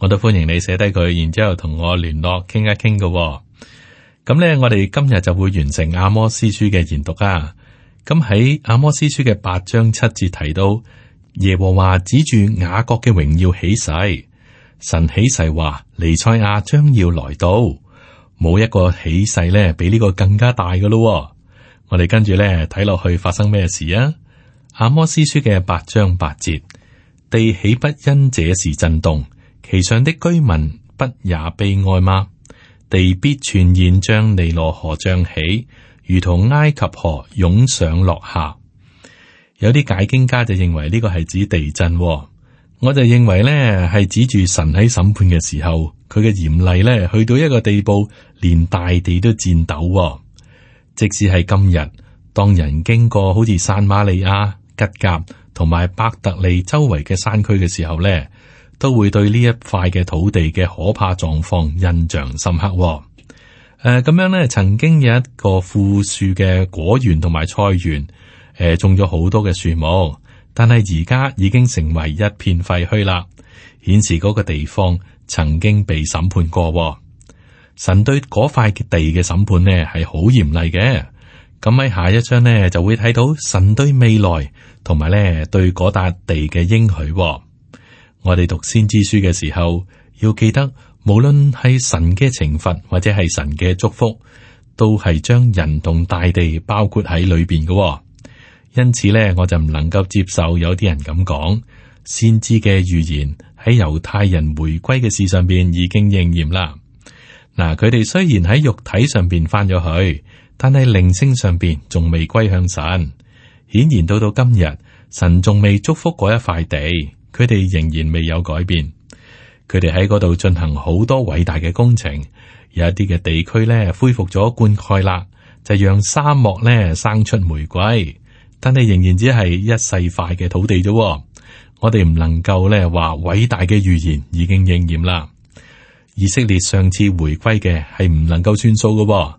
我都歡迎你寫低佢，然之後同我聯絡傾一傾嘅、哦。咁咧，我哋今日就會完成《阿摩司書》嘅研讀啊。咁、嗯、喺《阿摩司書》嘅八章七節提到，耶和華指住雅各嘅榮耀起誓，神起誓話尼賽亞將要來到，冇一個起誓咧，比呢個更加大噶咯。我哋跟住咧睇落去發生咩事啊？《阿摩司書》嘅八章八節，地豈不因這事震動。其上的居民不也悲哀嗎？地必全然，將尼羅河漲起，如同埃及河湧上落下。有啲解經家就認為呢個係指地震、哦，我就認為咧係指住神喺審判嘅時候，佢嘅嚴厲咧去到一個地步，連大地都顫抖、哦。即使係今日，當人經過好似撒瑪利亞、吉甲同埋伯特利周圍嘅山區嘅時候咧。都會對呢一塊嘅土地嘅可怕狀況印象深刻、哦。誒、呃，咁樣呢，曾經有一個富庶嘅果園同埋菜園，誒、呃，種咗好多嘅樹木，但係而家已經成為一片廢墟啦，顯示嗰個地方曾經被審判過、哦。神對嗰塊地嘅審判呢係好嚴厲嘅。咁喺下一章呢，就會睇到神對未來同埋咧對嗰笪地嘅應許、哦。我哋讀先知書嘅時候，要記得，無論係神嘅懲罰或者係神嘅祝福，都係將人同大地包括喺裏邊嘅、哦。因此呢，我就唔能夠接受有啲人咁講，先知嘅預言喺猶太人回歸嘅事上邊已經應驗啦。嗱、呃，佢哋雖然喺肉體上邊翻咗去，但係靈性上邊仲未歸向神，顯然到到今日，神仲未祝福嗰一塊地。佢哋仍然未有改變，佢哋喺嗰度進行好多偉大嘅工程，有一啲嘅地區咧恢復咗灌溉啦，就讓沙漠咧生出玫瑰。但係仍然只係一細塊嘅土地啫。我哋唔能夠咧話偉大嘅預言已經應驗啦。以色列上次回歸嘅係唔能夠算數噶。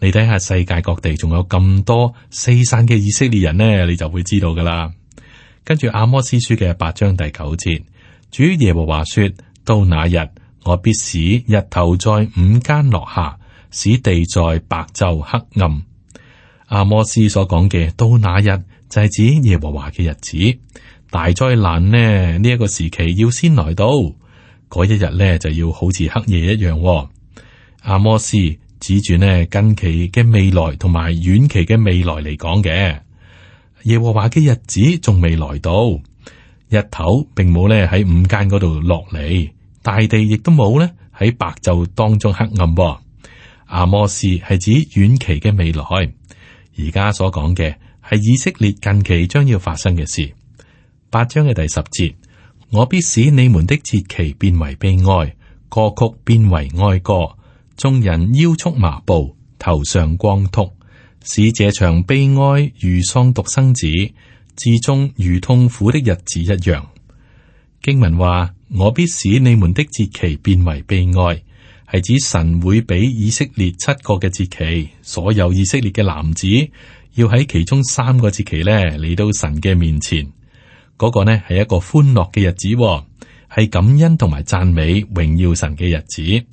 你睇下世界各地仲有咁多四散嘅以色列人咧，你就會知道噶啦。跟住《阿摩司書》嘅八章第九節，主耶和華說：到那日，我必使日頭在午間落下，使地在白晝黑暗。阿摩司所講嘅到那日，就係指耶和華嘅日子，大災難呢呢一個時期要先來到，嗰一日呢，就要好似黑夜一樣哦。阿摩司指住呢近期嘅未來同埋遠期嘅未來嚟講嘅。耶和華嘅日子仲未來到，日頭並冇咧喺午間嗰度落嚟，大地亦都冇咧喺白晝當中黑暗喎。阿摩司係指遠期嘅未來，而家所講嘅係以色列近期將要發生嘅事。八章嘅第十節，我必使你們的節期變為悲哀，歌曲變為哀歌，眾人腰束麻布，頭上光禿。使這場悲哀如喪獨生子，至終如痛苦的日子一樣。經文話：我必使你們的節期變為悲哀，係指神會俾以色列七個嘅節期，所有以色列嘅男子要喺其中三個節期呢嚟到神嘅面前。嗰、那個呢係一個歡樂嘅日子、哦，係感恩同埋讚美榮耀神嘅日子。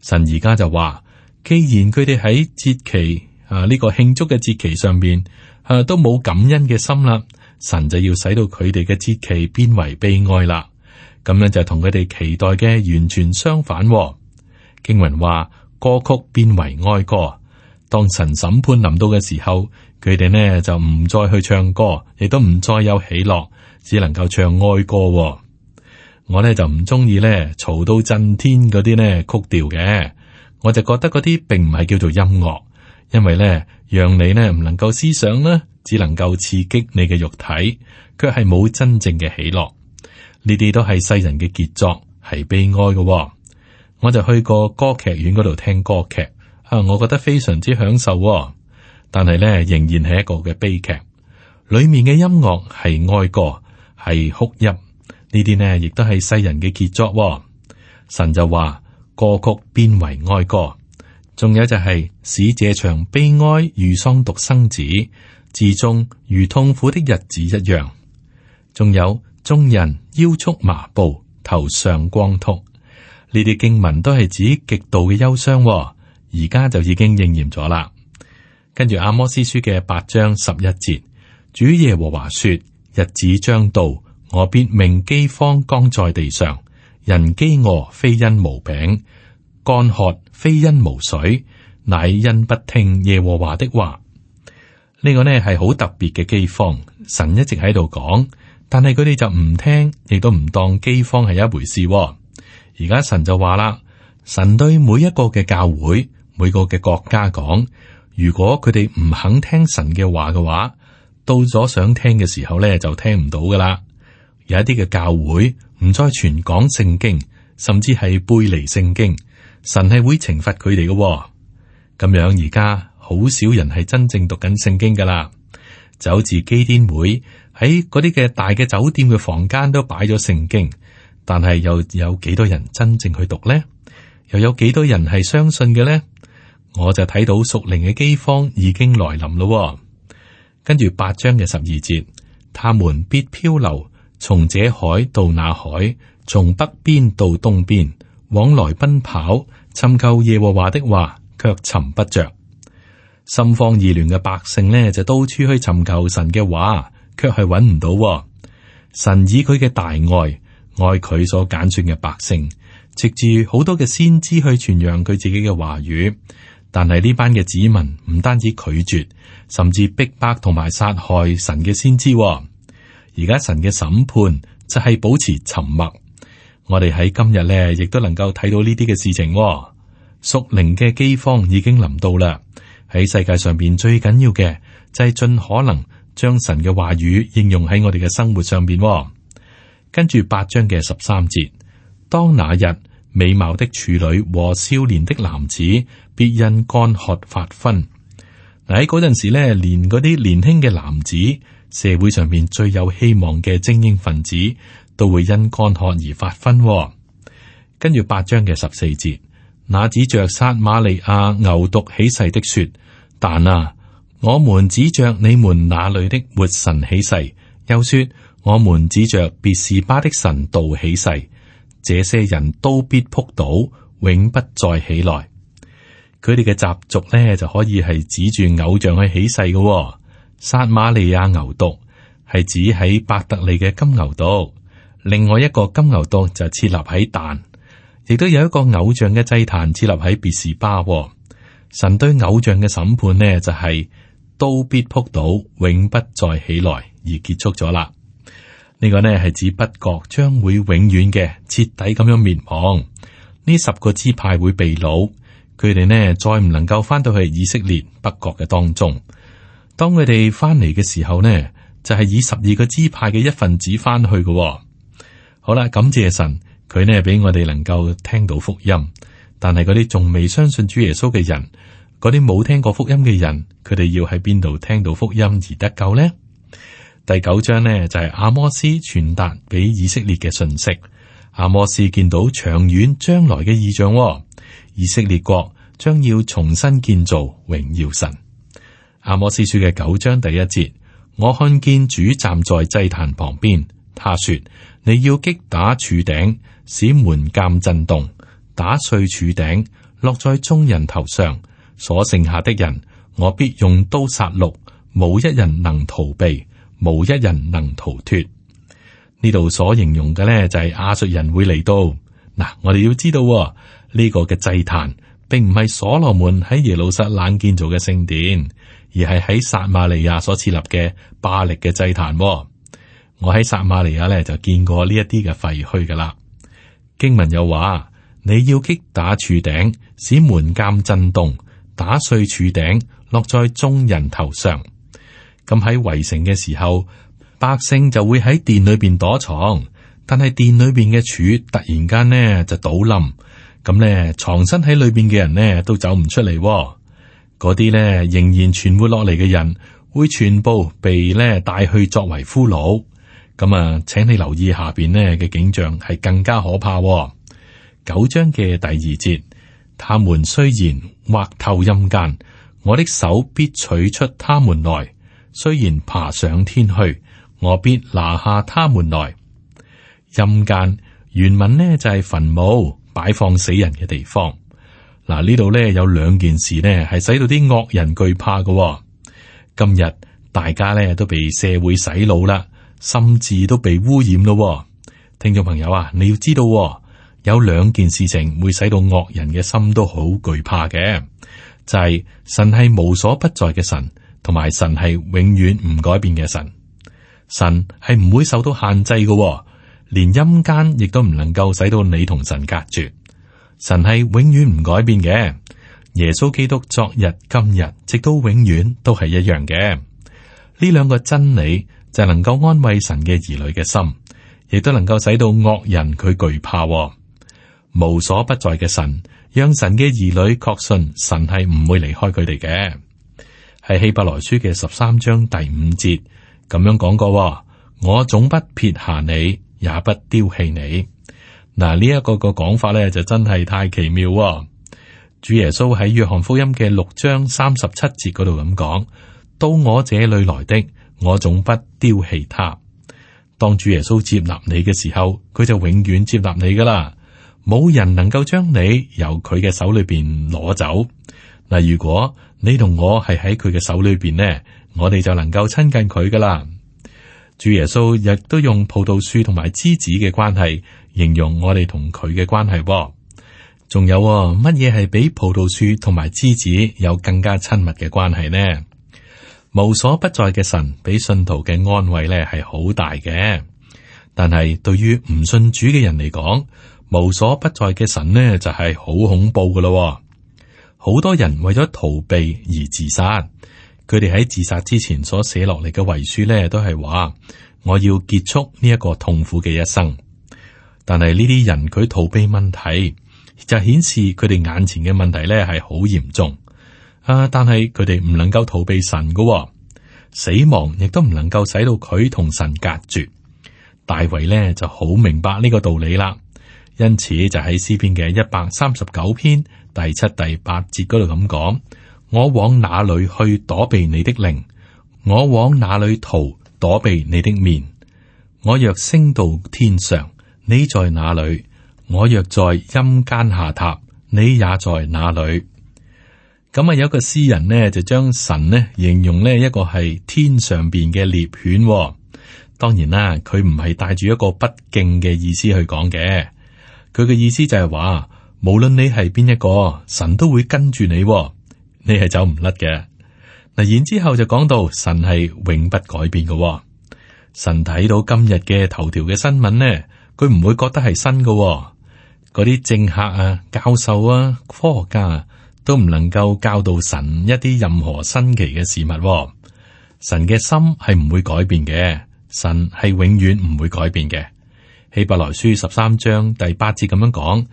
神而家就話，既然佢哋喺節期。啊！呢、這個慶祝嘅節期上邊，啊都冇感恩嘅心啦，神就要使到佢哋嘅節期變為悲哀啦。咁樣就同佢哋期待嘅完全相反、哦。經文話，歌曲變為哀歌，當神審判臨到嘅時候，佢哋呢就唔再去唱歌，亦都唔再有喜樂，只能夠唱哀歌、哦。我呢就唔中意呢嘈到震天嗰啲呢曲調嘅，我就覺得嗰啲並唔係叫做音樂。因為咧，讓你咧唔能夠思想呢，只能夠刺激你嘅肉體，卻係冇真正嘅喜樂。呢啲都係世人嘅傑作，係悲哀嘅、哦。我就去過歌劇院嗰度聽歌劇啊，我覺得非常之享受、哦。但係咧，仍然係一個嘅悲劇。裏面嘅音樂係哀歌，係哭泣。呢啲呢，亦都係世人嘅傑作、哦。神就話：歌曲變為哀歌。仲有就係使這場悲哀如喪獨生子，至終如痛苦的日子一樣。仲有眾人腰束麻布，頭上光禿。呢啲經文都係指極度嘅憂傷，而家就已經應驗咗啦。跟住阿摩司書嘅八章十一節，主耶和華說：日子將到，我必命饑荒降在地上，人饑餓非因無餅。乾渴非因無水，乃因不聽耶和華的話。呢、呢個呢係好特別嘅饑荒。神一直喺度講，但係佢哋就唔聽，亦都唔當饑荒係一回事。而家神就話啦，神對每一個嘅教會、每個嘅國家講，如果佢哋唔肯聽神嘅話嘅話，到咗想聽嘅時候呢，就聽唔到噶啦。有一啲嘅教會唔再全講聖經，甚至係背離聖經。神係會懲罰佢哋嘅，咁樣而家好少人係真正讀緊聖經噶啦。酒店基甸會喺嗰啲嘅大嘅酒店嘅房間都擺咗聖經，但係又有幾多人真正去讀呢？又有幾多人係相信嘅呢？我就睇到屬靈嘅饑荒已經來臨咯、哦。跟住八章嘅十二節，他們必漂流，從這海到那海，從北邊到東邊。往來奔跑，尋求耶和華的話，卻尋不着；心慌意亂嘅百姓呢，就到處去尋求神嘅話，卻係揾唔到、喎。神以佢嘅大愛愛佢所揀選嘅百姓，藉住好多嘅先知去傳揚佢自己嘅話語。但係呢班嘅子民唔單止拒絕，甚至逼迫同埋殺害神嘅先知、喎。而家神嘅審判就係保持沉默。我哋喺今日咧，亦都能夠睇到呢啲嘅事情、哦。屬靈嘅饑荒已經臨到啦。喺世界上邊最緊要嘅就係盡可能將神嘅話語應用喺我哋嘅生活上邊、哦。跟住八章嘅十三節，當那日美貌的處女和少年的男子，必因乾渴發昏。嗱，喺嗰陣時咧，連嗰啲年輕嘅男子，社會上邊最有希望嘅精英分子。都會因乾渴而發昏、哦。跟住八章嘅十四節，那指着撒瑪利亞牛犢起誓的說，但啊，我們指着你們那裏的活神起誓，又說我們指着別是巴的神道起誓，這些人都必仆倒，永不再起來。佢哋嘅習俗呢就可以係指住偶像去起誓嘅、哦。撒瑪利亞牛犢，係指喺伯特利嘅金牛犢。另外一個金牛黨就設立喺但，亦都有一個偶像嘅祭壇設立喺別士巴。神對偶像嘅審判呢，就係、是、都必撲倒，永不再起來而結束咗啦。呢、這個呢係指北國將會永遠嘅徹底咁樣滅亡。呢十個支派會被擄，佢哋呢再唔能夠翻到去以色列北國嘅當中。當佢哋翻嚟嘅時候呢，就係、是、以十二個支派嘅一份子翻去嘅、哦。好啦，感謝神，佢呢俾我哋能夠聽到福音。但係嗰啲仲未相信主耶穌嘅人，嗰啲冇聽過福音嘅人，佢哋要喺邊度聽到福音而得救呢？第九章呢，就係、是、阿摩司傳達俾以色列嘅信息。阿摩司見到長遠將來嘅異象、哦，以色列國將要重新建造榮耀神。阿摩司書嘅九章第一節，我看見主站在祭壇旁邊，他說。你要擊打柱頂，使門檻震動，打碎柱頂，落在眾人頭上。所剩下的人，我必用刀殺戮，冇一人能逃避，冇一人能逃脫。呢度所形容嘅呢，就係亞述人會嚟到。嗱，我哋要知道呢、哦這個嘅祭壇，並唔係所羅門喺耶路撒冷建造嘅聖殿，而係喺撒瑪利亞所設立嘅巴力嘅祭壇、哦。我喺撒瑪利亞咧就見過呢一啲嘅廢墟噶啦。經文又話你要擊打柱頂，使門檻震動，打碎柱頂落在眾人頭上。咁喺圍城嘅時候，百姓就會喺殿裏邊躲藏。但係殿裏邊嘅柱突然間呢就倒冧，咁呢，藏身喺裏邊嘅人呢都走唔出嚟，哦。嗰啲呢仍然存活落嚟嘅人，會全部被呢帶去作為俘虜。咁啊，請你留意下邊呢嘅景象係更加可怕。九章嘅第二節，他們雖然挖透陰間，我的手必取出他們來；雖然爬上天去，我必拿下他們來。陰間原文呢，就係墳墓，擺放死人嘅地方。嗱，呢度呢有兩件事呢，係使到啲惡人懼怕嘅。今日大家呢，都被社會洗腦啦。甚至都被污染咯、哦，聽眾朋友啊，你要知道、哦、有兩件事情會使到惡人嘅心都好懼怕嘅，就係、是、神係無所不在嘅神，同埋神係永遠唔改變嘅神。神係唔會受到限制嘅、哦，連陰間亦都唔能夠使到你同神隔絕。神係永遠唔改變嘅，耶穌基督昨日今日直到永遠都係一樣嘅，呢兩個真理。就能夠安慰神嘅兒女嘅心，亦都能夠使到惡人佢懼怕、哦。無所不在嘅神，讓神嘅兒女確信神係唔會離開佢哋嘅。喺希伯來書嘅十三章第五節咁樣講過、哦：我總不撇下你，也不丟棄你。嗱，呢一個個講法咧就真係太奇妙、哦。主耶穌喺約翰福音嘅六章三十七節嗰度咁講：到我這裏來的。我總不丟棄他。當主耶穌接納你嘅時候，佢就永遠接納你噶啦。冇人能夠將你由佢嘅手裏邊攞走。嗱，如果你同我係喺佢嘅手裏邊呢，我哋就能夠親近佢噶啦。主耶穌亦都用葡萄樹同埋枝子嘅關係，形容我哋同佢嘅關係。仲有乜嘢係比葡萄樹同埋枝子有更加親密嘅關係呢？無所不在嘅神俾信徒嘅安慰咧係好大嘅，但係對於唔信主嘅人嚟講，無所不在嘅神咧就係好恐怖嘅咯。好多人為咗逃避而自殺，佢哋喺自殺之前所寫落嚟嘅遺書咧都係話，我要結束呢一個痛苦嘅一生。但係呢啲人佢逃避問題，就顯示佢哋眼前嘅問題咧係好嚴重。啊！但係佢哋唔能夠逃避神㗎喎，死亡亦都唔能夠使到佢同神隔絕。大衛呢就好明白呢個道理啦，因此就喺詩篇嘅一百三十九篇第七、第八節嗰度咁講：我往哪裏去躲避你的靈？我往哪裏逃躲避你的面？我若升到天上，你在哪裏？我若在陰間下榻，你也在哪裏？咁啊，有一個詩人呢，就將神呢形容，呢一個係天上邊嘅獵犬，哦。當然啦，佢唔係帶住一個不敬嘅意思去講嘅。佢嘅意思就係話，無論你係邊一個，神都會跟住你，哦，你係走唔甩嘅。嗱，然之後就講到神係永不改變嘅，哦。神睇到今日嘅頭條嘅新聞呢，佢唔會覺得係新嘅，哦。嗰啲政客啊、教授啊、科學家啊。都唔能夠教導神一啲任何新奇嘅事物，哦，神嘅心係唔會改變嘅，神係永遠唔會改變嘅。希伯來書十三章第八節咁樣講：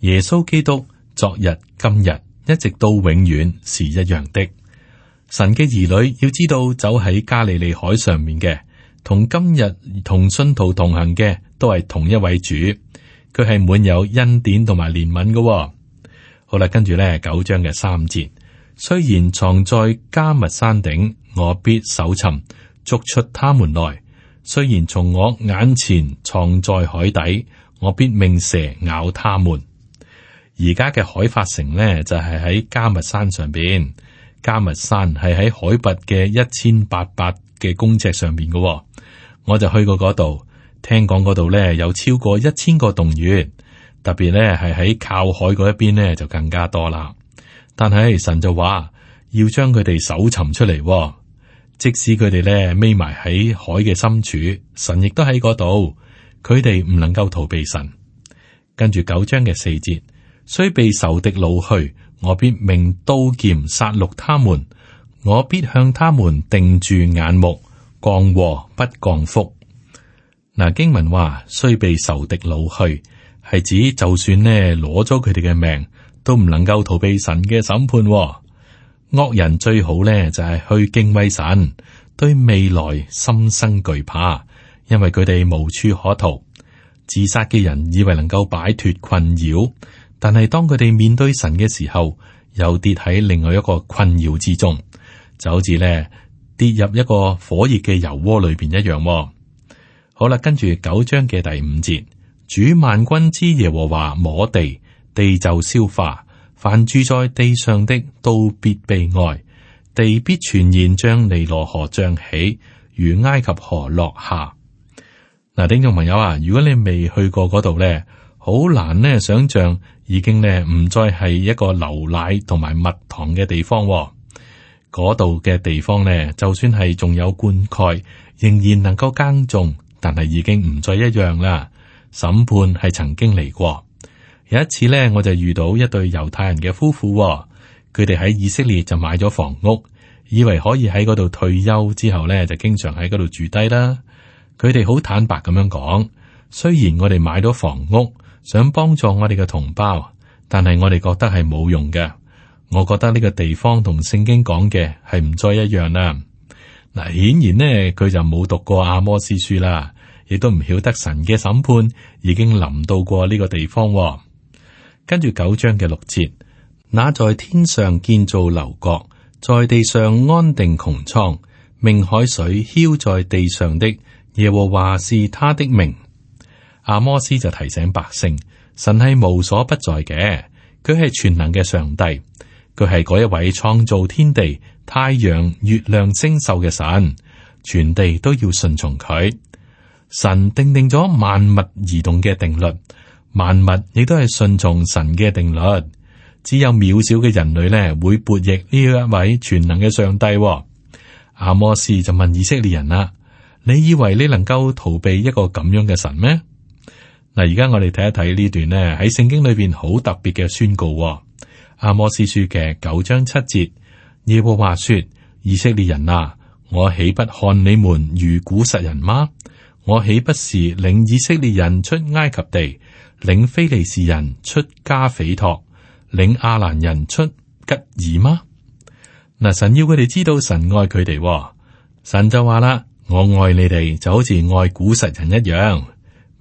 耶穌基督昨日、今日一直都永遠是一樣的。神嘅兒女要知道，走喺加利利海上面嘅，同今日同信徒同行嘅，都係同一位主，佢係滿有恩典同埋憐憫嘅。好啦，跟住咧九章嘅三節，雖然藏在迦密山頂，我必搜尋捉出他們來；雖然從我眼前藏在海底，我必命蛇咬他們。而家嘅海法城呢，就係、是、喺迦密山上邊，迦密山係喺海拔嘅一千八百嘅公尺上邊嘅、哦。我就去過嗰度，聽講嗰度咧有超過一千個洞穴。特別咧係喺靠海嗰一邊咧，就更加多啦。但係神就話要將佢哋搜尋出嚟，即使佢哋咧匿埋喺海嘅深處，神亦都喺嗰度。佢哋唔能夠逃避神。跟住九章嘅四節，雖被仇敵擄去，我必命刀劍殺戮他們，我必向他們定住眼目，降禍不降福。嗱，經文話，雖被仇敵擄去。係指就算咧攞咗佢哋嘅命，都唔能夠逃避神嘅審判、哦。惡人最好呢就係、是、去敬畏神，對未來心生懼怕，因為佢哋無處可逃。自殺嘅人以為能夠擺脫困擾，但係當佢哋面對神嘅時候，又跌喺另外一個困擾之中，就好似呢跌入一個火熱嘅油鍋裏邊一樣、哦。好啦，跟住九章嘅第五節。主萬軍之耶和華摸地，地就消化；凡住在地上的都必悲哀，地必全然將尼羅河漲起，如埃及河落下。嗱、啊，聽眾朋友啊，如果你未去過嗰度呢，好難咧想象，已經呢唔再係一個牛奶同埋蜜糖嘅地方、哦。嗰度嘅地方呢，就算係仲有灌溉，仍然能夠耕種，但係已經唔再一樣啦。審判係曾經嚟過，有一次呢，我就遇到一對猶太人嘅夫婦、哦，佢哋喺以色列就買咗房屋，以為可以喺嗰度退休之後呢，就經常喺嗰度住低啦。佢哋好坦白咁樣講，雖然我哋買咗房屋，想幫助我哋嘅同胞，但係我哋覺得係冇用嘅。我覺得呢個地方同聖經講嘅係唔再一樣啦。嗱，顯然呢，佢就冇讀過阿摩司書啦。你都唔曉得神嘅審判已經臨到過呢個地方、哦。跟住九章嘅六節，那在天上建造樓閣，在地上安定穹蒼，命海水澆在地上的耶和華是他的名。阿摩斯就提醒百姓，神係無所不在嘅，佢係全能嘅上帝，佢係嗰一位創造天地、太陽、月亮、星宿嘅神，全地都要順從佢。神定定咗萬物移動嘅定律，萬物亦都係順從神嘅定律。只有渺小嘅人類咧，會悖逆呢一位全能嘅上帝。阿摩司就問以色列人啦：，你以為你能夠逃避一個咁樣嘅神咩？嗱，而家我哋睇一睇呢段咧喺聖經裏邊好特別嘅宣告。阿摩司書嘅九章七節，耶和華說：，以色列人啊，我豈不看你們如古實人嗎？我豈不是領以色列人出埃及地，領菲利士人出加斐託，領阿蘭人出吉而嗎？嗱、嗯，神要佢哋知道神愛佢哋、哦，神就話啦：，我愛你哋，就好似愛古實人一樣。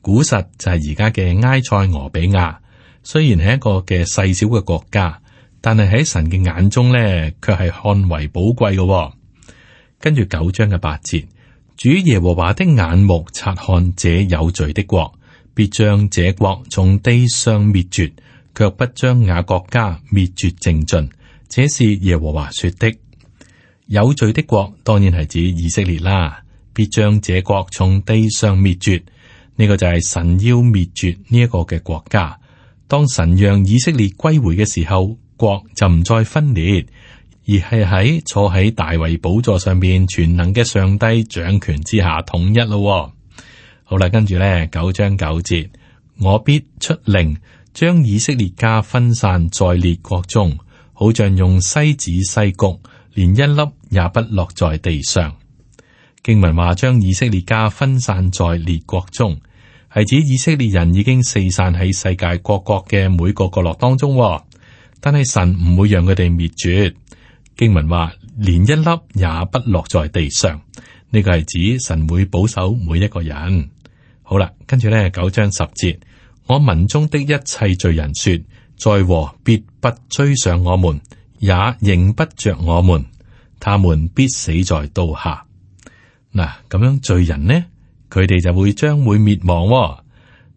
古實就係而家嘅埃塞俄比亞，雖然係一個嘅細小嘅國家，但係喺神嘅眼中呢，卻係看為寶貴嘅。跟住九章嘅八節。主耶和華的眼目察看這有罪的國，必將這國從地上滅絕，卻不將雅各家滅絕淨盡。這是耶和華說的。有罪的國，當然係指以色列啦。必將這國從地上滅絕，呢、這個就係神要滅絕呢一個嘅國家。當神讓以色列歸回嘅時候，國就唔再分裂。而係喺坐喺大衛寶座上面，全能嘅上帝掌權之下統一咯。好啦，跟住咧九章九節，我必出令，將以色列家分散在列國中，好像用篩子篩谷，連一粒也不落在地上。經文話將以色列家分散在列國中，係指以色列人已經四散喺世界各國嘅每個角落當中，但係神唔會讓佢哋滅絕。經文話，連一粒也不落在地上。呢個係指神會保守每一個人。好啦，跟住呢九章十節，我民中的一切罪人說：災禍必不追上我們，也認不着我們，他們必死在刀下。嗱，咁樣罪人呢，佢哋就會將會滅亡喎。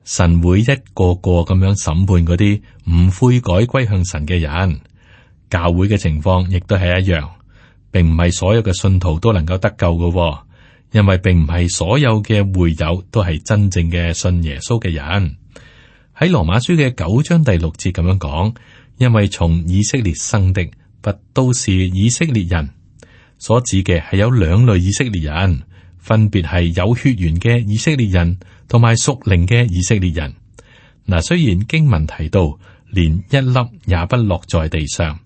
神會一個個咁樣審判嗰啲唔悔改歸向神嘅人。教會嘅情況亦都係一樣，並唔係所有嘅信徒都能夠得救嘅。哦，因為並唔係所有嘅會友都係真正嘅信耶穌嘅人。喺羅馬書嘅九章第六節咁樣講，因為從以色列生的不都是以色列人，所指嘅係有兩類以色列人，分別係有血緣嘅以色列人同埋屬靈嘅以色列人。嗱，雖然經文提到連一粒也不落在地上。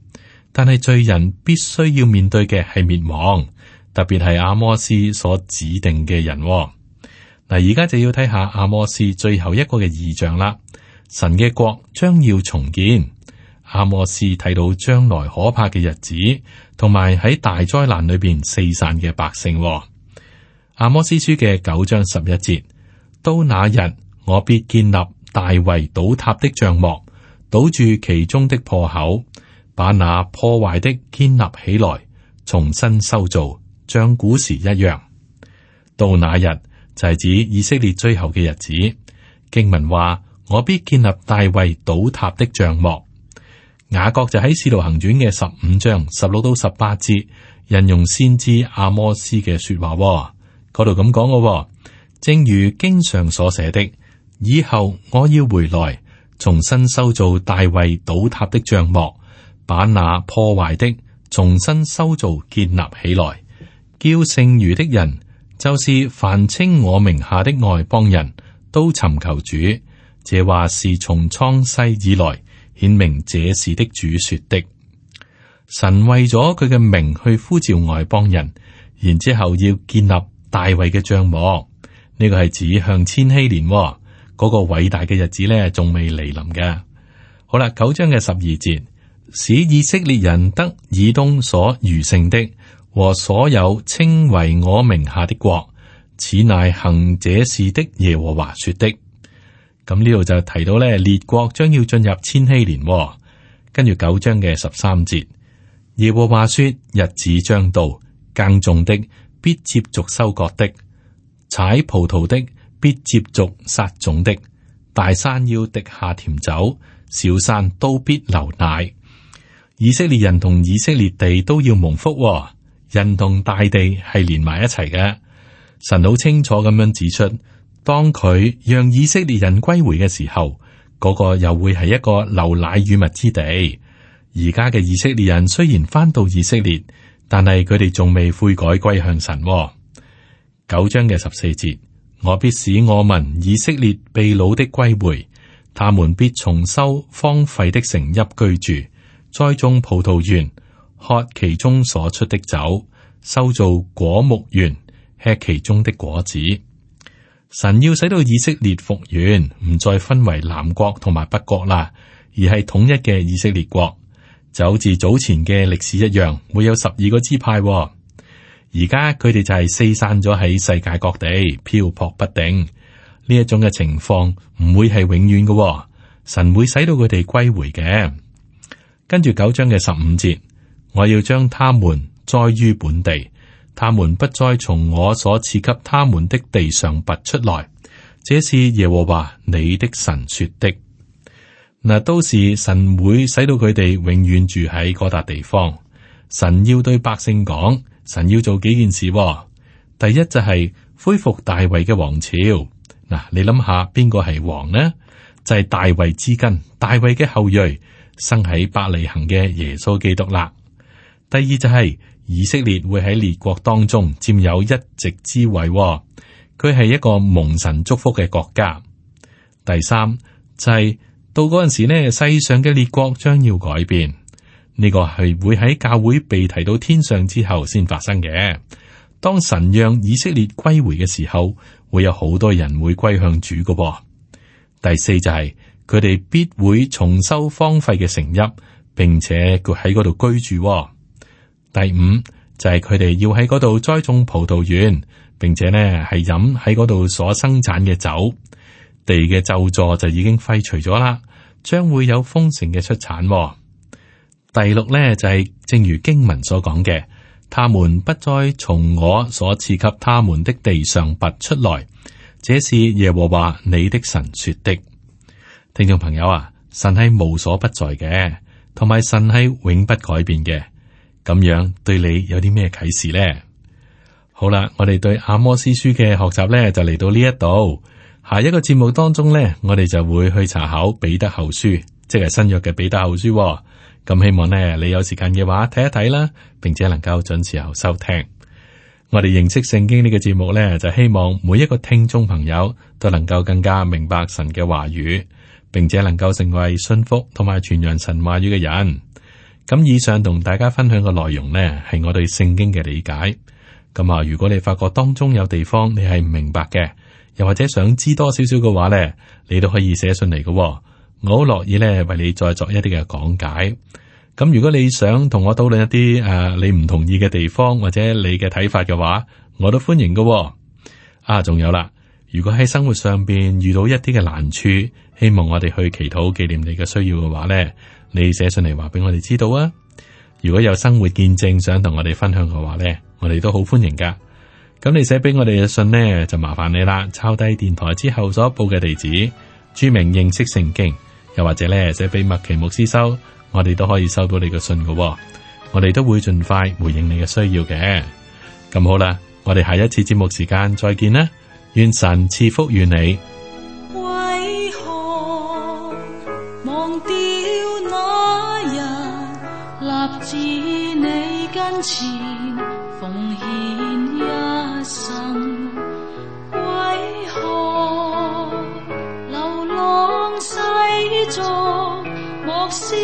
但係罪人必須要面對嘅係滅亡，特別係阿摩斯所指定嘅人、哦。嗱，而家就要睇下阿摩斯最後一個嘅異象啦。神嘅國將要重建。阿摩斯睇到將來可怕嘅日子，同埋喺大災難裏邊四散嘅百姓、哦。阿摩斯書嘅九章十一節，到那日我必建立大衛倒塌的帳幕，堵住其中的破口。把那破壞的建立起來，重新修造，像古時一樣。到那日就係、是、指以色列最後嘅日子。經文話：我必建立大衛倒塌的帳幕。雅各就喺《使徒行傳》嘅十五章十六到十八節引用先知阿摩斯嘅說話、哦，嗰度咁講嘅。正如經常所寫的，以後我要回來，重新修造大衛倒塌的帳幕。把那破壞的重新修造建立起來，叫剩餘的人，就是凡稱我名下的外邦人都尋求主。這話是從創世以來，顯明這事的主說的。神為咗佢嘅名去呼召外邦人，然之後要建立大衛嘅帳幕。呢、這個係指向千禧年嗰、那個偉大嘅日子呢，仲未嚟臨嘅。好啦，九章嘅十二節。使以色列人得以東所餘剩的，和所有稱為我名下的國，此乃行這事的耶和華說的。咁呢度就提到咧，列國將要進入千禧年。跟、哦、住九章嘅十三節，耶和華說：日子將到，耕種的必接續收割的，踩葡萄的必接續殺種的。大山要滴下甜酒，小山都必流奶。以色列人同以色列地都要蒙福、哦，人同大地係連埋一齊嘅。神好清楚咁樣指出，當佢讓以色列人歸回嘅時候，嗰、那個又會係一個流奶與蜜之地。而家嘅以色列人雖然翻到以色列，但係佢哋仲未悔改歸向神、哦。九章嘅十四節，我必使我民以色列被擄的歸回，他們必重修荒廢的城邑居住。栽種葡萄園，喝其中所出的酒；收造果木園，吃其中的果子。神要使到以色列復原，唔再分為南國同埋北國啦，而係統一嘅以色列國。就好似早前嘅歷史一樣，會有十二個支派，哦。而家佢哋就係四散咗喺世界各地，漂泊不定。呢一種嘅情況唔會係永遠嘅，哦，神會使到佢哋歸回嘅。跟住九章嘅十五節，我要將他們栽於本地，他們不再從我所賜給他們的地上拔出來。這是耶和華你的神說的。嗱，都是神會使到佢哋永遠住喺嗰笪地方。神要對百姓講，神要做幾件事哦。第一就係恢復大衛嘅王朝。嗱，你諗下邊個係王呢？就係、是、大衛之根，大衛嘅後裔。生喺伯利恆嘅耶穌基督啦。第二就係、是、以色列會喺列國當中佔有一席之位、哦，佢係一個蒙神祝福嘅國家。第三就係、是、到嗰陣時咧，世上嘅列國將要改變，呢、這個係會喺教會被提到天上之後先發生嘅。當神讓以色列歸回嘅時候，會有好多人會歸向主嘅、哦。第四就係、是。佢哋必會重修荒廢嘅城邑，並且佢喺嗰度居住、哦。第五就係佢哋要喺嗰度栽種葡萄園，並且呢係飲喺嗰度所生產嘅酒。地嘅咒助就已經廢除咗啦，將會有豐盛嘅出產、哦。第六咧就係、是、正如經文所講嘅，他們不再從我所賜給他們的地上拔出來，這是耶和華你的神說的。聽眾朋友啊，神係無所不在嘅，同埋神係永不改變嘅。咁樣對你有啲咩啟示咧？好啦，我哋對阿摩司書嘅學習咧就嚟到呢一度。下一個節目當中咧，我哋就會去查考彼得後書，即係新約嘅彼得後書、哦。咁、嗯、希望咧，你有時間嘅話睇一睇啦，並且能夠準時候收聽。我哋認識聖經呢、呢個節目咧，就希望每一個聽眾朋友都能夠更加明白神嘅話語。並且能夠成為信服同埋傳揚神話語嘅人。咁以上同大家分享嘅內容呢，係我對聖經嘅理解。咁啊，如果你發覺當中有地方你係唔明白嘅，又或者想知多少少嘅話呢，你都可以寫信嚟嘅。我好樂意呢為你再作一啲嘅講解。咁如果你想同我討論一啲誒你唔同意嘅地方，或者你嘅睇法嘅話，我都歡迎嘅。啊，仲有啦。如果喺生活上邊遇到一啲嘅難處，希望我哋去祈禱紀念你嘅需要嘅話呢，你寫信嚟話俾我哋知道啊。如果有生活見證想同我哋分享嘅話呢，我哋都好歡迎噶。咁你寫俾我哋嘅信呢，就麻煩你啦。抄低電台之後所報嘅地址，注明認識聖經，又或者呢，寫俾麥奇牧師收，我哋都可以收到你嘅信噶。我哋都會盡快回應你嘅需要嘅。咁好啦，我哋下一次節目時間再見啦。願神賜福於你。為何忘掉那人立至你跟前奉獻一生？為何流浪世俗？莫思。